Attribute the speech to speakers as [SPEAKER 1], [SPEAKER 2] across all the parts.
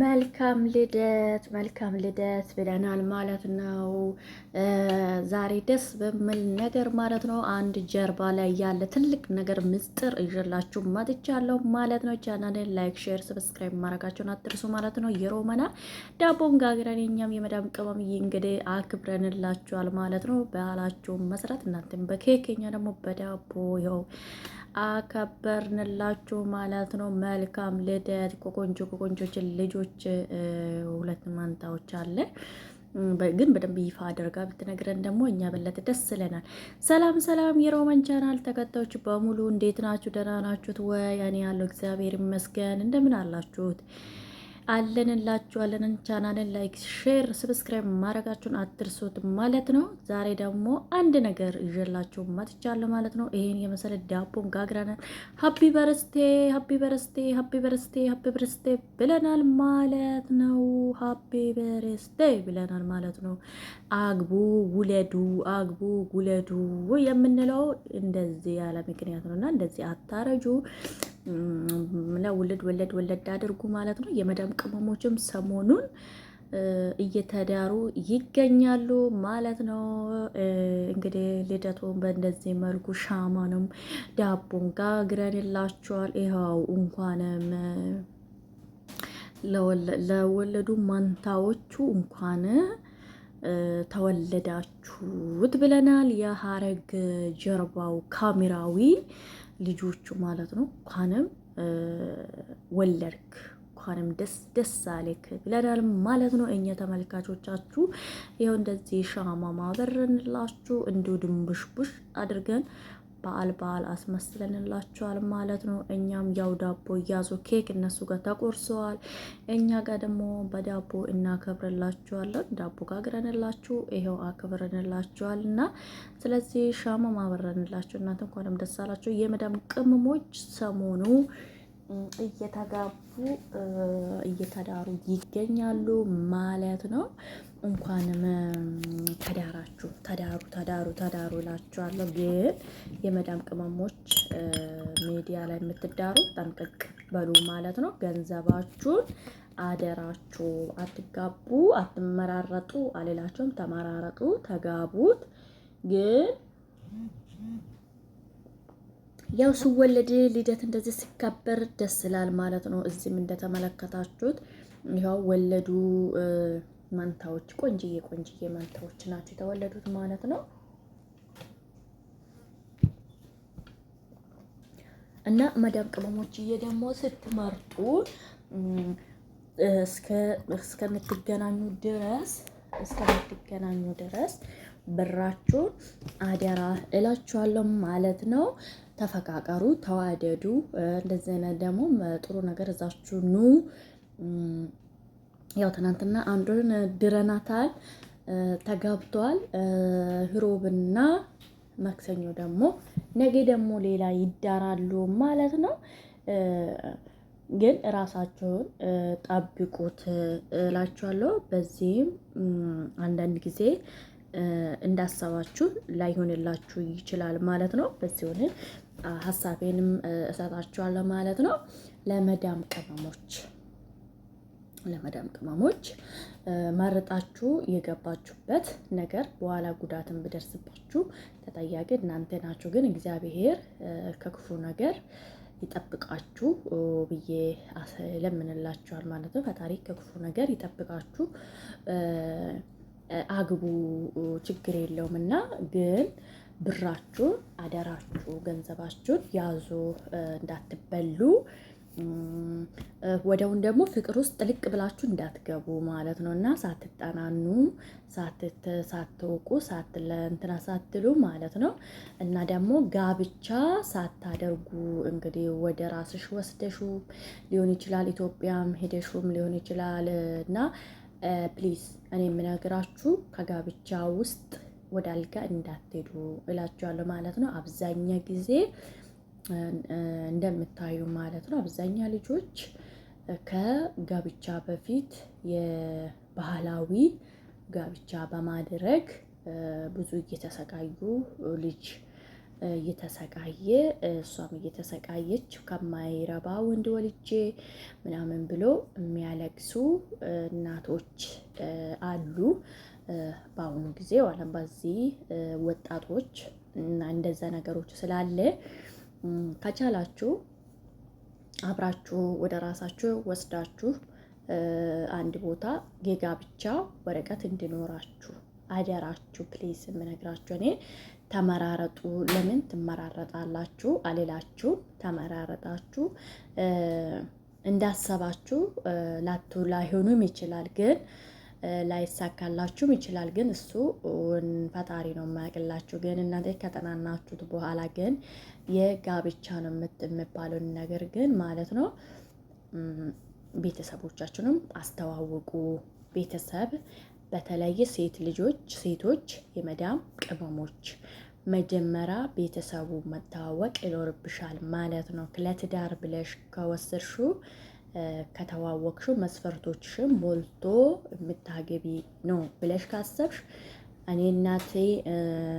[SPEAKER 1] መልካም ልደት መልካም ልደት ብለናል ማለት ነው። ዛሬ ደስ በሚል ነገር ማለት ነው አንድ ጀርባ ላይ ያለ ትልቅ ነገር ምስጢር ይዤላችሁ መጥቻለሁ ማለት ነው። ቻናልን ላይክ፣ ሼር፣ ሰብስክራይብ ማድረጋችሁን አትርሱ ማለት ነው። የሮመና ዳቦን ጋግረን የኛም የመዳም ቅመም እንግዲህ አክብረንላችኋል ማለት ነው። ባህላችሁን መስራት እናንተም በኬክ እኛ ደግሞ በዳቦ ይኸው አከበርንላችሁ ማለት ነው። መልካም ልደት ቆቆንጆ ቆንጆችን ልጆች ሁለት ማንታዎች አለ ግን በደንብ ይፋ አድርጋ ብትነግረን ደግሞ እኛ በለት ደስ ይለናል። ሰላም ሰላም፣ የሮማን ቻናል ተከታዮች በሙሉ እንዴት ናችሁ? ደህና ናችሁት ወይ? እኔ ያለው እግዚአብሔር ይመስገን። እንደምን አላችሁት? አለንላችኋለን። ቻናልን ላይክ፣ ሼር፣ ሰብስክራይብ ማድረጋችሁን አትርሱት ማለት ነው። ዛሬ ደግሞ አንድ ነገር ይዤላችሁ መጥቻለሁ ማለት ነው። ይሄን የመሰለ ዳቦን ጋግረናል። ሀፒ በርስቴ ሀፒ በርስቴ ሀፒ በርስቴ ሀፒ በርስቴ ብለናል ማለት ነው። ሀፒ በርስቴ ብለናል ማለት ነው። አግቡ ውለዱ፣ አግቡ ውለዱ የምንለው እንደዚህ ያለ ምክንያት ነው እና እንደዚህ አታረጁ ውልድ ወለድ ወለድ አድርጉ ማለት ነው። የመዳም ቅመሞችም ሰሞኑን እየተዳሩ ይገኛሉ ማለት ነው። እንግዲህ ልደቱን በእንደዚህ መልኩ ሻማንም ዳቦን ጋግረንላቸዋል። ይኸው እንኳንም ለወለዱ ማንታዎቹ እንኳን ተወለዳችሁት ብለናል። የሀረግ ጀርባው ካሜራዊ ልጆቹ ማለት ነው። እንኳንም ወለድክ እንኳንም ደስ ደስ አለክ ብለናል ማለት ነው። እኛ ተመልካቾቻችሁ ይኸው እንደዚህ ሻማ ማበረንላችሁ እንዲሁ ድንብሽቡሽ አድርገን በዓል በዓል አስመስለንላቸዋል ማለት ነው። እኛም ያው ዳቦ እያዙ ኬክ እነሱ ጋር ተቆርሰዋል፣ እኛ ጋር ደግሞ በዳቦ እናከብርላችኋለን። ዳቦ ጋግረንላችሁ ይሄው አክብረንላችኋል እና ስለዚህ ሻማ ማበረንላችሁ። እናንተ እንኳንም ደስ አላችሁ የመዳም ቅመሞች ሰሞኑ እየተጋቡ እየተዳሩ ይገኛሉ ማለት ነው። እንኳንም ተዳሩ ተዳሩ ተዳሩ ተዳሩ እላችኋለሁ። ግን የመዳም ቅመሞች ሚዲያ ላይ የምትዳሩ ጠንቅቅ በሉ ማለት ነው። ገንዘባችሁን አደራችሁ አትጋቡ፣ አትመራረጡ አሌላቸውም። ተመራረጡ፣ ተጋቡት። ግን ያው ስወለድ ልደት እንደዚህ ሲከበር ደስ ይላል ማለት ነው። እዚህም እንደተመለከታችሁት ይኸው ወለዱ መንታዎች ቆንጅዬ ቆንጅዬ መንታዎች ናቸው የተወለዱት ማለት ነው። እና መዳም ቅመሞችዬ ደግሞ ስትመርጡ እስከምትገናኙ ድረስ እስከምትገናኙ ድረስ ብራችሁን አደራ እላችኋለሁ ማለት ነው። ተፈቃቀሩ፣ ተዋደዱ። እንደዚህ አይነት ደግሞ ጥሩ ነገር እዛችሁ ኑ። ያው ትናንትና አንዱን ድረናታል ተጋብቷል። ህሮብና ማክሰኞ ደግሞ ነገ ደግሞ ሌላ ይዳራሉ ማለት ነው። ግን ራሳቸውን ጠብቁት እላችኋለሁ። በዚህም አንዳንድ ጊዜ እንዳሰባችሁ ላይሆንላችሁ ይችላል ማለት ነው። በዚሁን ሀሳቤንም እሰጣችኋለሁ ማለት ነው። ለመዳም ቅመሞች ለመዳም ቅመሞች መርጣችሁ የገባችሁበት ነገር በኋላ ጉዳትን ብደርስባችሁ ተጠያቂ እናንተ ናችሁ። ግን እግዚአብሔር ከክፉ ነገር ይጠብቃችሁ ብዬ ለምንላችኋል ማለት ነው። ፈጣሪ ከክፉ ነገር ይጠብቃችሁ። አግቡ፣ ችግር የለውም እና ግን ብራችሁን አደራችሁ ገንዘባችሁን ያዙ እንዳትበሉ። ወደውን ደግሞ ፍቅር ውስጥ ጥልቅ ብላችሁ እንዳትገቡ ማለት ነው እና ሳትጠናኑ ሳትወቁ ሳትለንትና ሳትሉ ማለት ነው እና ደግሞ ጋብቻ ሳታደርጉ እንግዲህ ወደ ራስሽ ወስደሹ ሊሆን ይችላል፣ ኢትዮጵያም ሄደሹም ሊሆን ይችላል እና ፕሊዝ እኔ የምነግራችሁ ከጋብቻ ውስጥ ወደ አልጋ እንዳትሄዱ እላችኋለሁ ማለት ነው አብዛኛ ጊዜ እንደምታዩ ማለት ነው አብዛኛ ልጆች ከጋብቻ በፊት የባህላዊ ጋብቻ በማድረግ ብዙ እየተሰቃዩ ልጅ እየተሰቃየ እሷም እየተሰቃየች ከማይረባ ወንድ ወልጄ ምናምን ብሎ የሚያለቅሱ እናቶች አሉ። በአሁኑ ጊዜ ዋለም በዚህ ወጣቶች እና እንደዛ ነገሮች ስላለ ከቻላችሁ አብራችሁ ወደ ራሳችሁ ወስዳችሁ አንድ ቦታ ጌጋ ብቻ ወረቀት እንዲኖራችሁ አደራችሁ ፕሊስ የምነግራችሁ እኔ ተመራረጡ። ለምን ትመራረጣላችሁ አሌላችሁ ተመራረጣችሁ እንዳሰባችሁ ላቱ ላይሆኑም ይችላል ግን ላይሳካላችሁም ይችላል። ግን እሱ ፈጣሪ ነው የማያቅላችሁ። ግን እናንተ ከጠናናችሁት በኋላ ግን የጋብቻ ነው የምባለውን ነገር ግን ማለት ነው ቤተሰቦቻችንም አስተዋውቁ። ቤተሰብ በተለየ ሴት ልጆች ሴቶች የመዳም ቅመሞች መጀመሪያ ቤተሰቡ መተዋወቅ ይኖርብሻል ማለት ነው። ለትዳር ብለሽ ከወሰድሽው ከተዋወቅሽው መስፈርቶችሽም ሞልቶ የምታገቢ ነው ብለሽ ካሰብሽ እኔ እናቴ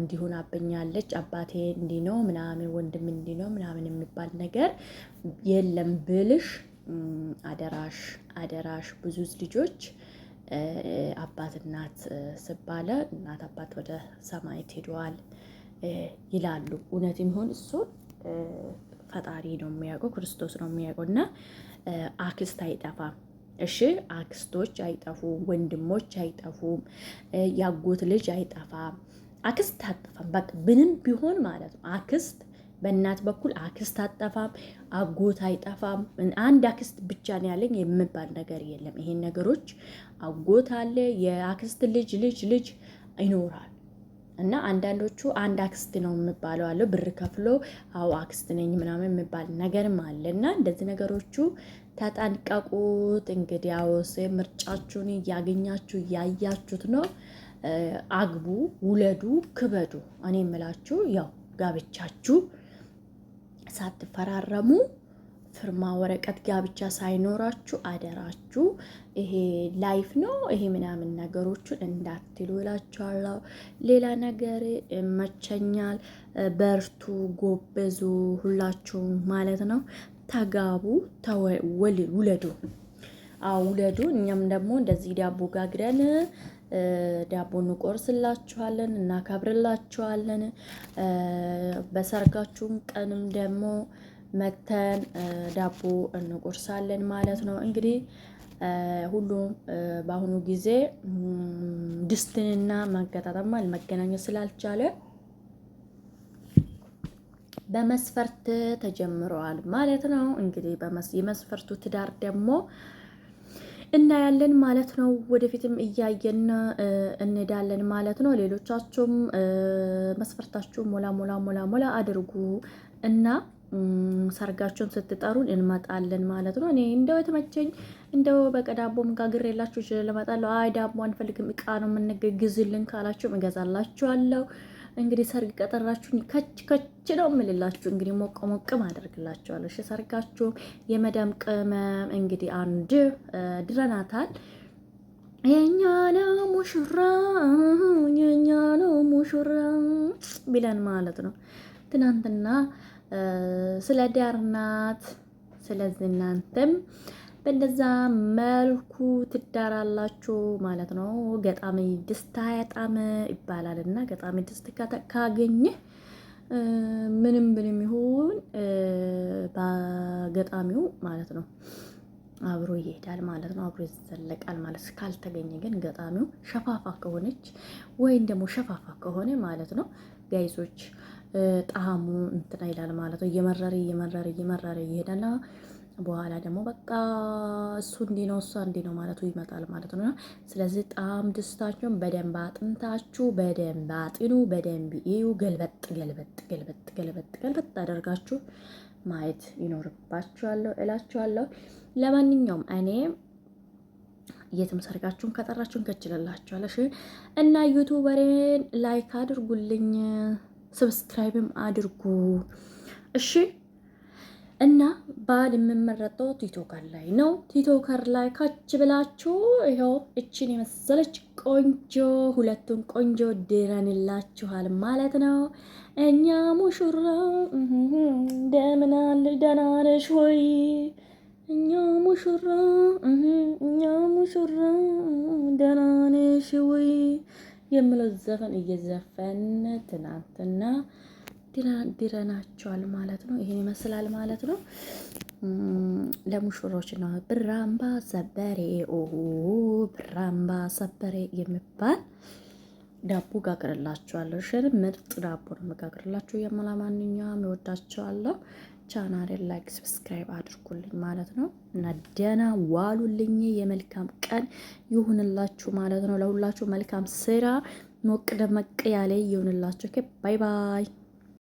[SPEAKER 1] እንዲሆን አበኛለች አባቴ እንዲህ ነው ምናምን ወንድም እንዲህ ነው ምናምን የሚባል ነገር የለም ብልሽ አደራሽ አደራሽ ብዙ ልጆች አባት እናት ስባለ እናት አባት ወደ ሰማይ ሄደዋል ይላሉ። እውነት የሚሆን እሱን ፈጣሪ ነው የሚያውቀው፣ ክርስቶስ ነው የሚያውቀው እና አክስት አይጠፋም። እሺ አክስቶች አይጠፉም፣ ወንድሞች አይጠፉም፣ ያጎት ልጅ አይጠፋም። አክስት አጠፋም። በቃ ምንም ቢሆን ማለት ነው አክስት በእናት በኩል አክስት አጠፋም፣ አጎት አይጠፋም። አንድ አክስት ብቻ ነው ያለኝ የምባል ነገር የለም። ይሄን ነገሮች አጎት አለ፣ የአክስት ልጅ ልጅ ልጅ ይኖራል። እና አንዳንዶቹ አንድ አክስት ነው የሚባለው አለ ብር ከፍሎ አው አክስት ነኝ ምናምን የሚባል ነገርም አለ። እና እንደዚህ ነገሮቹ ተጠንቀቁት። እንግዲህ አዎስ ምርጫችሁን እያገኛችሁ እያያችሁት ነው። አግቡ፣ ውለዱ፣ ክበዱ። እኔ የምላችሁ ያው ጋብቻችሁ ሳትፈራረሙ ፍርማ ወረቀት ጋብቻ ሳይኖራችሁ አደራችሁ ይሄ ላይፍ ነው ይሄ ምናምን ነገሮችን እንዳትሉ እላችኋለሁ። ሌላ ነገር መቸኛል። በርቱ፣ ጎበዙ ሁላችሁ ማለት ነው። ተጋቡ፣ ውለዱ፣ ውለዱ። እኛም ደግሞ እንደዚህ ዳቦ ጋግረን ዳቦ እንቆርስላችኋለን፣ እናከብርላችኋለን። በሰርጋችሁም ቀንም ደግሞ መተን ዳቦ እንቆርሳለን ማለት ነው። እንግዲህ ሁሉም በአሁኑ ጊዜ ድስትንና ማገጣጠም መገናኘት ስላልቻለ በመስፈርት ተጀምረዋል ማለት ነው። እንግዲህ የመስፈርቱ ትዳር ደግሞ እናያለን ማለት ነው። ወደፊትም እያየን እንዳለን ማለት ነው። ሌሎቻችሁም መስፈርታችሁ ሞላ ሞላ ሞላ ሞላ አድርጉ እና ሰርጋችሁን ስትጠሩን እንመጣለን ማለት ነው። እኔ እንደው የተመቸኝ እንደው በቃ ዳቦም ጋግሬ የላችሁ ይችላል እመጣለሁ። አይ ዳቦ አንፈልግም እቃ ነው የምንገግዝልን ካላችሁ እገዛላችኋለሁ። እንግዲህ ሰርግ ቀጠራችሁን ከች ከች ነው የምልላችሁ። እንግዲህ ሞቅ ሞቅም አደርግላችኋለሁ። እሺ ሰርጋችሁ የመደም ቅመም እንግዲህ አንድ ድረናታል። የኛ ነው ሙሽራ የኛ ነው ሙሽራ ቢለን ማለት ነው ትናንትና ስለ ዲያር ናት። ስለዚህ እናንተም በእንደዛ መልኩ ትዳራላችሁ ማለት ነው። ገጣሚ ድስት አያጣም ይባላል እና ገጣሚ ድስት ካገኘ ምንም ምንም ይሁን በገጣሚው ማለት ነው አብሮ ይሄዳል ማለት ነው። አብሮ ይዘለቃል ማለት ካልተገኘ ግን ገጣሚው ሸፋፋ ከሆነች ወይም ደግሞ ሸፋፋ ከሆነ ማለት ነው ጋይዞች ጣሙ እንትና ይላል ማለት ነው። እየመረረ እየመረረ እየመረረ ይሄዳል። በኋላ ደግሞ በቃ እሱ እንዲህ ነው እሷ እንዲህ ነው ማለቱ ይመጣል ማለት ነው። ስለዚህ ጣም ድስታችሁን በደንብ አጥንታችሁ በደንብ አጢኑ፣ በደንብ እዩ። ገልበጥ ገልበጥ ገልበጥ ገልበጥ ገልበጥ አደርጋችሁ ማየት ይኖርባችኋለሁ እላችኋለሁ። ለማንኛውም እኔ የትም ሰርጋችሁን ከጠራችሁን ከችልላችኋለሽ እና ዩቱበሬን ላይክ አድርጉልኝ። ሰብስክራይብም አድርጉ እሺ። እና ባል የምመረጠው ቲቶከር ላይ ነው። ቲቶከር ላይ ካች ብላችሁ ይኸው እችን የመሰለች ቆንጆ ሁለቱን ቆንጆ ድረንላችኋል ማለት ነው። እኛ ሙሽራ እንደምን ደህና ነሽ ሆይ? እኛ ሙሽራ እኛ ሙሽራ ደህና ነሽ ወይ? የምለው ዘፈን እየዘፈን ትናንትና ድረናቸዋል ማለት ነው። ይሄን ይመስላል ማለት ነው። ለሙሽሮች ነው ብራምባ ሰበሬ ኦ ብራምባ ሰበሬ የሚባል ዳቦ ጋግርላችኋለሁ። ሽር ምርጥ ዳቦ ነው መጋግርላችሁ የምላ ማንኛውም ይወዳችኋለሁ። ቻናሌን ላይክ፣ ሰብስክራይብ አድርጉልኝ ማለት ነው እና ደህና ዋሉልኝ። የመልካም ቀን ይሁንላችሁ ማለት ነው። ለሁላችሁ መልካም ስራ ሞቅ ደመቅ ያለ ይሁንላችሁ። ባይ ባይ።